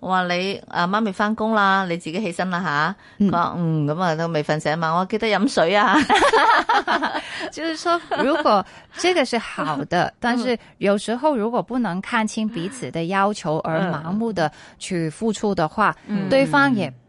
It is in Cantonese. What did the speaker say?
我話你啊，媽咪翻工啦，你自己起身啦吓。佢話、嗯，咁啊都未瞓醒嘛。我記得飲水啊 就是說如果這個是好的，但是有時候如果不能看清彼此的要求而盲目的去付出的話，嗯、對方也。